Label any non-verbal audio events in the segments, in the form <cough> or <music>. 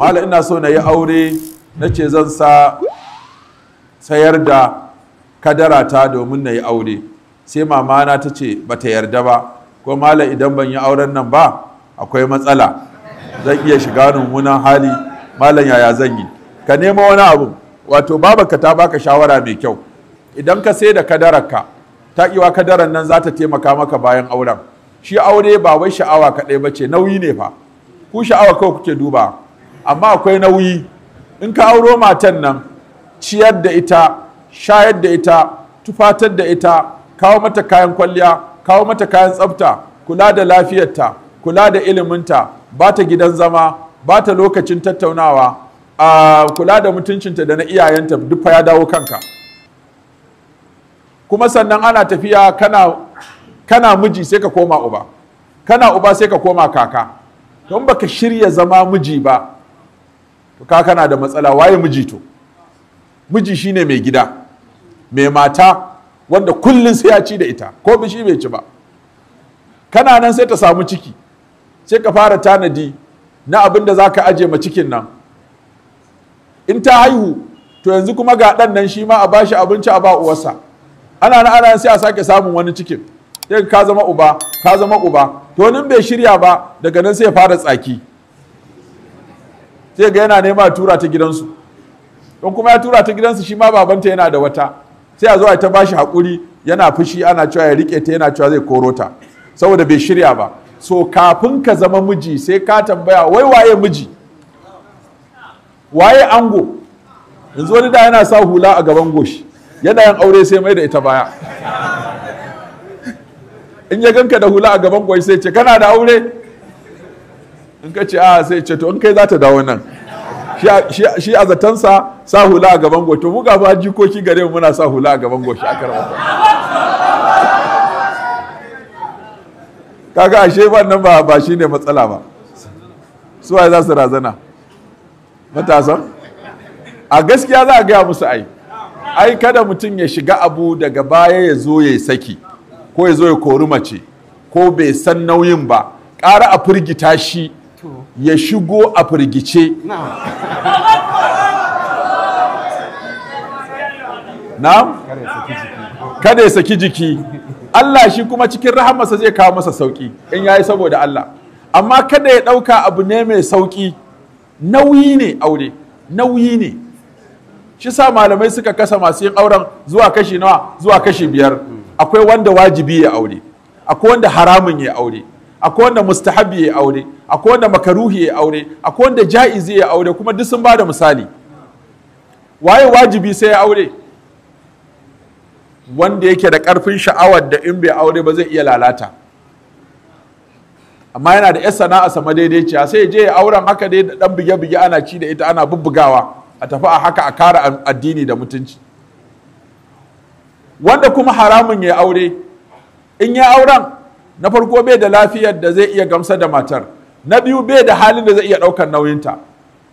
malam ina so na yi aure na ce zan sa sayar da kadara ta domin na yi aure sai mamana ta ce ba ta yarda ba ko malam idan ban yi auren nan ba akwai matsala zan iya shiga mummunan hali malam yaya zan yi ka nema wani abu wato babanka ta baka shawara mai kyau idan ka sai da kadararka ta iwa kadarar nan za ta taimaka maka bayan auren shi aure ba wai sha'awa kaɗai ba ce nauyi ne fa ku sha'awa kawai kuke duba amma akwai nauyi in ka auro matan nan ciyar da ita shayar da ita tufatar da ita kawo mata kayan kwalliya kawo mata kayan tsafta kula da lafiyarta kula da iliminta ba ta gidan zama ba ta lokacin tattaunawa a kula da mutuncinta da na iyayenta duk ya dawo kanka kuma sannan ana tafiya kana, miji sai ka koma uba kana uba sai ka koma kaka don baka shirya zama miji ba to ka kana da matsala waye miji to miji shine mai gida mai mata wanda kullun sai ya ci da ita ko bishi bai ci ba kana nan sai ta samu ciki sai ka fara tanadi na abin da zaka ka aje ma cikin nan in ta haihu to yanzu kuma ga ɗan nan shi ma a bashi abinci a ba uwarsa ana na ana sai a sake samun wani cikin sai ka zama uba ka zama uba to nan bai shirya ba daga nan sai ya fara tsaki sai ga yana nema tura ta gidansu don kuma ya tura ta gidansu shi ma babanta yana da wata sai a zo a ta bashi haƙuri yana fushi ana cewa ya rike ta yana cewa zai koro ta saboda bai shirya ba so kafin ka zama miji sai ka tambaya wai waye miji waye ango yanzu wani da yana sa hula a gaban goshi yana yin aure sai mai da ita baya in ya ganka da hula a gaban goshi sai ce kana da aure in ka ce a ah, sai ce to in kai za ta dawo nan shi a zatansa sa hula a gaban goshi mu ga ba jikoki gare mu muna sa hula a gaban goshi a karɓar kaga ashe nan ba ba ne matsala ba su waye za su razana matasan a gaskiya za a gaya musu ai ai kada mutum ya shiga abu daga baya ya zo ya saki ko ya zo ya kori mace ko bai san nauyin ba ƙara a firgita shi ya shigo a firgice na kada ya saki jiki Allah shi kuma cikin rahamarsa zai kawo masa sauki in yayi saboda Allah amma kada ya ɗauka abu ne mai sauki nauyi ne aure nauyi ne shi sa malamai suka kasa masu yin auren zuwa kashi nawa zuwa kashi biyar akwai wanda wajibi ya aure akwai wanda haramun ya aure akwai wanda mustahabi ya aure akwai wanda makaruhi ya aure akwai wanda ja'izi ya aure kuma duk sun ba da misali waye wajibi sai ya aure wanda yake da karfin sha'awar da in bai aure ba zai iya lalata amma yana da 'yan sana'a sama daidaiciya sai je ya auren haka dai da dan bige-bige ana ci da ita ana bubbugawa a tafi a haka a kara addini da mutunci wanda kuma haramun ya aure in ya auren na farko bai da lafiyar da zai iya gamsar da matar na biyu bai da halin da zai iya ɗaukar nauyinta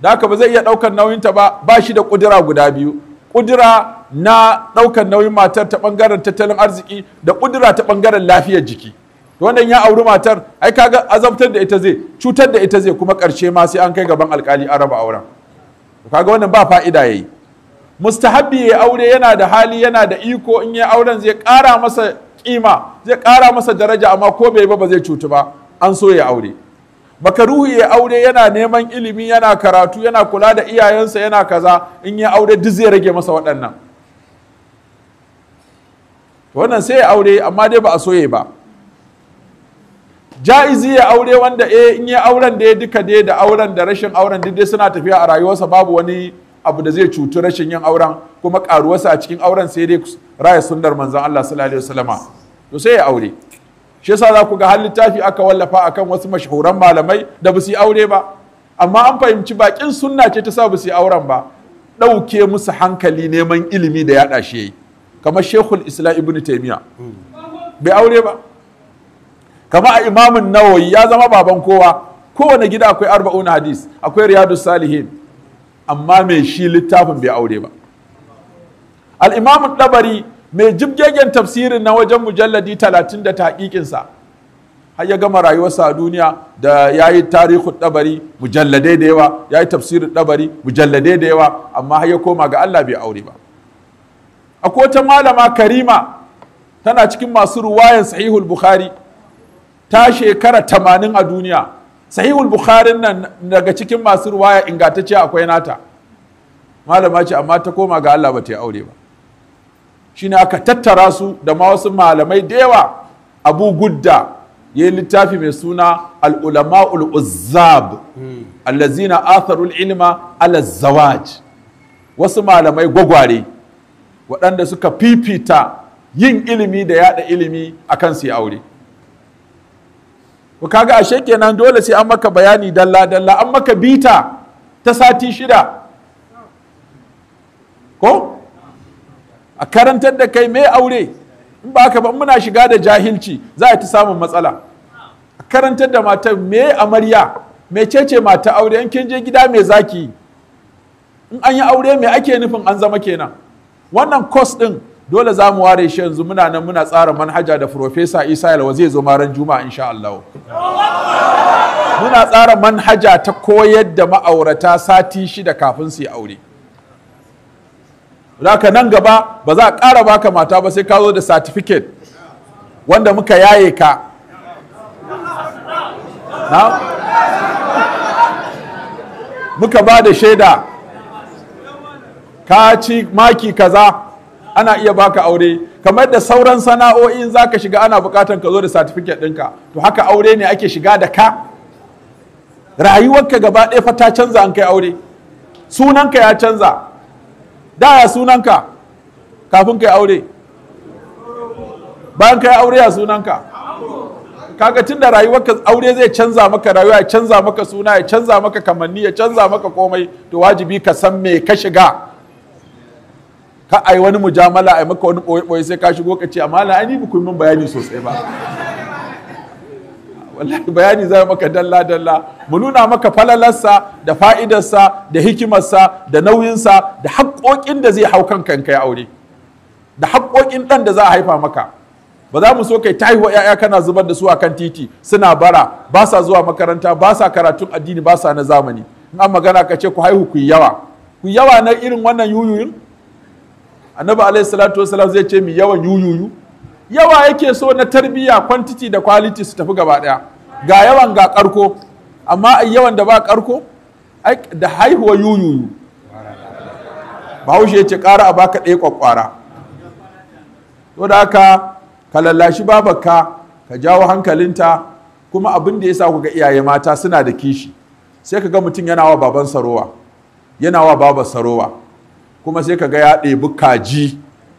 da haka ba zai iya ɗaukar nauyinta ba ba shi da ƙudura guda biyu ƙudura na ɗaukar nauyin matar ta ɓangaren tattalin arziki da ƙudura ta ɓangaren lafiyar jiki To wannan ya auri matar ai ga azabtar da ita zai cutar da ita zai kuma ƙarshe ma sai an kai gaban alkali an raba auren kaga wannan ba fa'ida yayi mustahabbi ya aure yana da hali yana da iko in ya auren zai ƙara masa kima zai kara masa daraja amma ko bai ba ba zai cutu ba an so ya aure ruhu ya aure yana neman ilimi yana karatu yana kula da iyayensa yana kaza in ya aure duk zai rage masa waɗannan wannan sai ya aure amma dai ba a ya ba ja'izi ya aure wanda eh in ya auren da ya duka dai da auren da rashin auren duk dai suna tafiya a rayuwarsa babu wani abu da zai cuci rashin yin auren kuma karuwarsa a cikin auren sai dai raya sunnar manzan Allah sallallahu alaihi to sai ya aure shi yasa za ku ga har littafi aka wallafa akan wasu mashahuran malamai da ba su aure ba amma an fahimci bakin sunna ce ta sa ba su auren ba ɗauke musu hankali neman ilimi da yaɗa shi yayi kamar shekul islam ibn taimiya bai aure ba kamar a imamun nawawi ya zama baban kowa kowane gida akwai Arba'u na hadis akwai riyadu salihin amma mai shi littafin bai aure ba al'imamun ɗabari mai jibgegen tafsirin na wajen mujalladi talatin da taƙiƙinsa har ya gama rayuwarsa a duniya da ya yi tarihin ɗabari mujalladai da yawa ya yi tafsirin ɗabari mujalladai da yawa amma har ya koma ga Allah bai aure ba a wata malama karima tana cikin masu ruwayan sahihul bukhari ta shekara tamanin a duniya sahihul bukharin nan daga cikin masu ruwaya ingantacce akwai nata malama ce amma ta koma ga Allah ba ta yi aure ba shine aka tattara su da ma wasu malamai da yawa abu gudda ya yi littafi mai suna al'ulama'ul uzzab allazina atharul ilma ala zawaj wasu malamai gwagware waɗanda suka fifita yin ilimi da yada ilimi akan su yi aure ku kaga ashe kenan dole sai an maka bayani dalla dalla an maka bita ta sati shida ko a karantar da kai mai aure in ba ka ba muna shiga da jahilci za a ta samun matsala a karantar da matar mai amarya mai cece mata aure in kin je gida mai zaki in an yi aure mai ake nufin an zama kenan wannan kwas din dole za mu ware shi yanzu muna nan muna tsara manhaja da Profesa Isa Yalwa zai zo maran Juma'a insha Allah. Muna tsara manhaja ta koyar da ma'aurata sati shida kafin su yi aure. Raka nan gaba ba za a ƙara baka mata ba sai ka zo da satifiket wanda muka yaye ka. Muka ba da shaida ka ci maki kaza. ana iya baka aure kamar da sauran sana'o'in ka shiga ana bukatan ka zo da certificate ɗinka to haka aure ne ake shiga da ka rayuwarka gaba ɗaya fa ta canza an kai aure sunanka ya canza da ya sunanka kafin kai aure bayan kai aure ya sunanka kaga tun da rayuwarka aure zai canza maka rayuwa ya canza maka suna ya canza maka kamanni ya canza maka komai to wajibi ka san me ka shiga ka ai wani mujamala ai maka wani boye boye sai ka shigo ka ce amma ni ba ku min bayani sosai ba wallahi bayani zai maka dalla dalla mu nuna maka falalarsa da fa'idarsa da hikimarsa da nauyinsa da haƙoƙin da zai hau kan kai aure da haƙoƙin ɗan da za a haifa maka ba za mu so kai ta haihuwa 'ya'ya kana zubar da su a kan titi suna bara ba sa zuwa makaranta ba sa karatun addini ba sa na zamani in an magana ka ce ku haihu ku yawa ku yawa na irin wannan yuyuyin annabi alaihi salatu wasalam zai ce mi yawan yuyuyu yawa yake so na tarbiya kwantiti da kwaliti su tafi gaba daya ga yawan ga karko amma yawan da ba karko da haihuwa yuyuyu bahaushe ya ce ƙara a baka ɗaya kwakwara to da haka ka lallashi babarka ka jawo hankalinta kuma abin da ya sa ku ga iyaye mata suna da kishi sai ka ga mutum yana wa baban sarowa yana wa babar sarowa kuma sai ka ga ya ɗebi kaji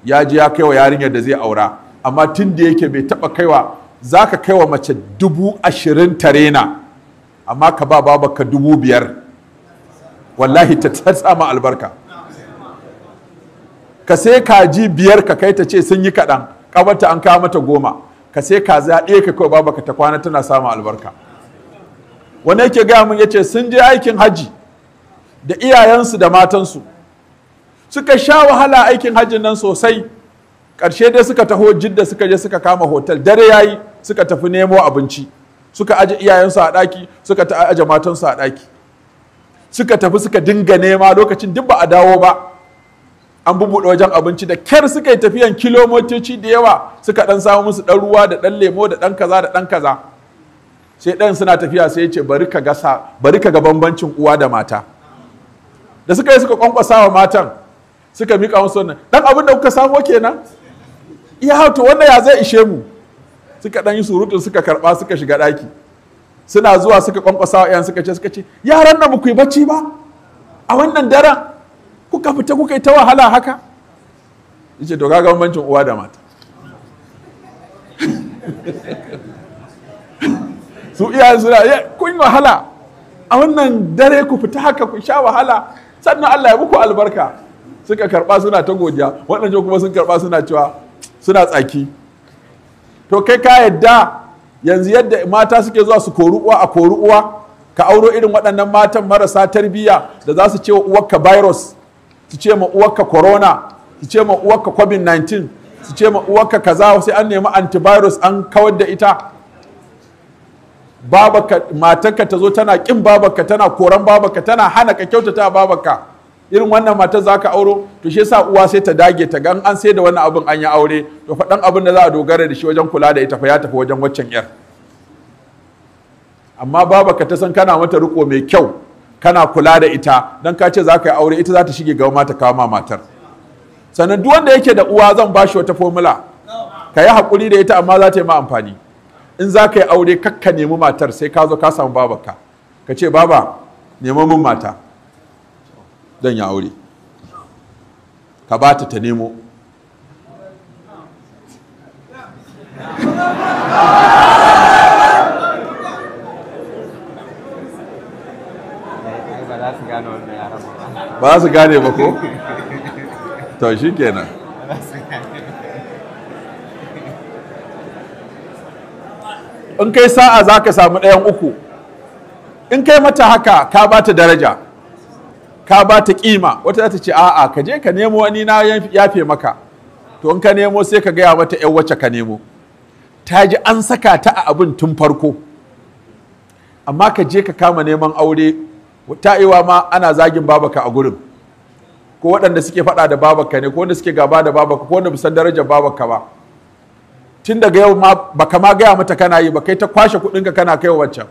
ya ji ya kaiwa yarinyar da zai aura amma tun da yake bai taɓa kaiwa za ka kaiwa mace dubu ashirin tare na amma ka ba babaka dubu biyar wallahi ta sama albarka ka sai kaji biyar ka kai ta ce sun yi kaɗan ƙabarta an kawo mata goma ka sai ka zaɗe ka kawai babaka ta kwana tana samun albarka wani yake gaya mun yace sun je aikin hajji da iyayensu da matansu suka sha wahala aikin hajjin nan sosai ƙarshe dai suka taho jidda suka je suka kama hotel dare ya yi, suka tafi nemo abinci suka aje iyayensu a ɗaki suka ta aje matansu a ɗaki suka tafi suka dinga nema lokacin duk ba a dawo ba an bubuɗe wajen abinci da kyar suka yi tafiyan kilomotoci da yawa suka ɗan samu musu ɗan ruwa da ɗan lemo da ɗan kaza da ɗan kaza sai ɗan suna tafiya sai ya ce bari ka ga bambancin uwa da mata da suka yi suka kwankwasa wa matan suka miƙa musu wannan dan abin da kuka samo kenan iya hautu wannan ya zai ishe mu suka dan yi surutun suka karba suka shiga ɗaki suna zuwa suka kwankwasa wa suka ce suka ce yaran nan ku yi bacci ba a wannan daren kuka fita kuka yi ta wahala haka yace to kaga bambancin uwa da mata <laughs> su iyayen suna eh, kun wahala a wannan dare ku fita haka ku sha wahala sannan Allah ya muku albarka suka karba suna ta godiya waɗancan kuma sun karba suna cewa suna tsaki to kai ka yadda yanzu yadda mata suke zuwa su kori uwa a kori uwa ka auro irin waɗannan matan marasa tarbiyya da za su ce wa uwarka virus su ce ma uwarka corona su ce ma uwarka covid-19 su ce ma uwarka kaza sai an nemi antivirus an kawar da ita babaka matarka ta zo tana kin babaka tana koran babaka tana hana ka kyautata babaka irin wannan matar za ka auro to shi yasa uwa sai ta dage ta gan an sai da wannan abin an yi aure to fa dan abin da za a dogara da shi wajen kula da ita fa ya tafi wajen waccan yar amma baba ka ta san kana mata riko mai kyau kana kula da ita dan ka ce za ka yi aure ita za ta shige ga ta kawo matar sannan duk wanda yake da uwa zan ba shi wata formula ka yi haƙuri da ita amma za ta yi ma amfani in za ka yi aure kakka nemi matar sai ka zo ka samu babarka ka ce baba nemi mun mata zan ya aure ka ba ta ta nemo ba su gane ba ko? ta shi kenan in kai sa'a za ka samu ɗayan uku in kai mata haka ka ba ta daraja ka ba ta kima wata za ta ce a'a ka je ka nemo wani na yafe maka to in ka nemo sai ka gaya mata yan wacce ka nemo ta ji an saka ta a abin tun farko amma ka je ka kama neman aure ta ta'iwa ma ana zagin babaka a gurin ko waɗanda suke faɗa da babaka ne ko wanda suke gaba da babaka ko wanda bisan darajar babaka ba tun daga yau ma baka ma gaya mata kana yi ba kai ta kwashe kuɗinka kana kai wancan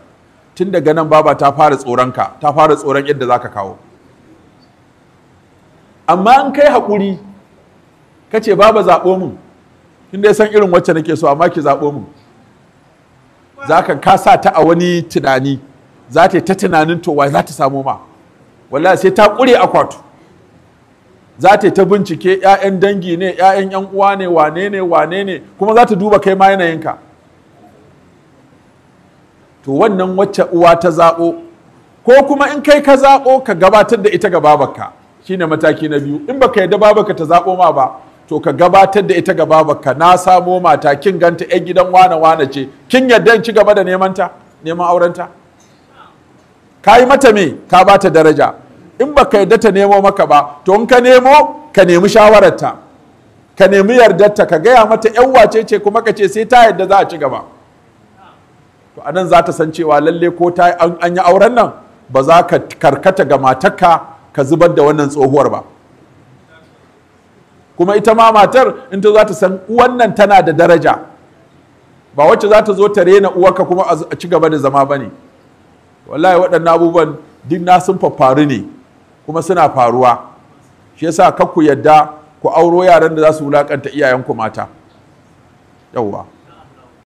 tun daga nan baba ta fara tsoronka ta fara tsoron yadda zaka kawo amma an kai haƙuri ka ce babu zaɓo mun kin dai san irin wacce nake so amma ki zaɓo mun za ka kasa ta a wani tunani za ta yi ta tunanin towa za ta samu ma wallahi sai ta ƙure akwatu za ta yi ta bincike 'ya'yan dangi ne 'ya'yan 'yan uwa ne wane ne wane ne kuma za ta duba kai ma yanayinka to wannan wacce uwa ta zaɓo ko kuma in kai ka zaɓo ka gabatar da ita ga babarka shine mataki na biyu in baka yadda babarka ta zaɓo ma ba to ka gabatar da ita ga babarka na samo mata kin ganta yan gidan wane wane ce kin yadda ci gaba da neman ta neman aurenta ka yi mata me ka bata daraja in baka yadda ta nemo maka ba to in ka nemo ka nemi shawararta ka nemi yardarta ka gaya mata yan wace ce kuma ka ce sai ta yadda za a ci gaba to anan za ta san cewa lalle ko ta an yi auren nan ba za ka karkata ga matarka ka zubar da wannan tsohuwar ba kuma ita ma matar in ta za ta san wannan tana da daraja ba wacce za ta zo ta rena uwarka kuma a ci gaba da zama ba ne wallahi waɗannan abubuwan duk na sun faru ne kuma suna faruwa shi yasa kakku yadda ku auro yaran da za su wulakanta iyayenku mata yawwa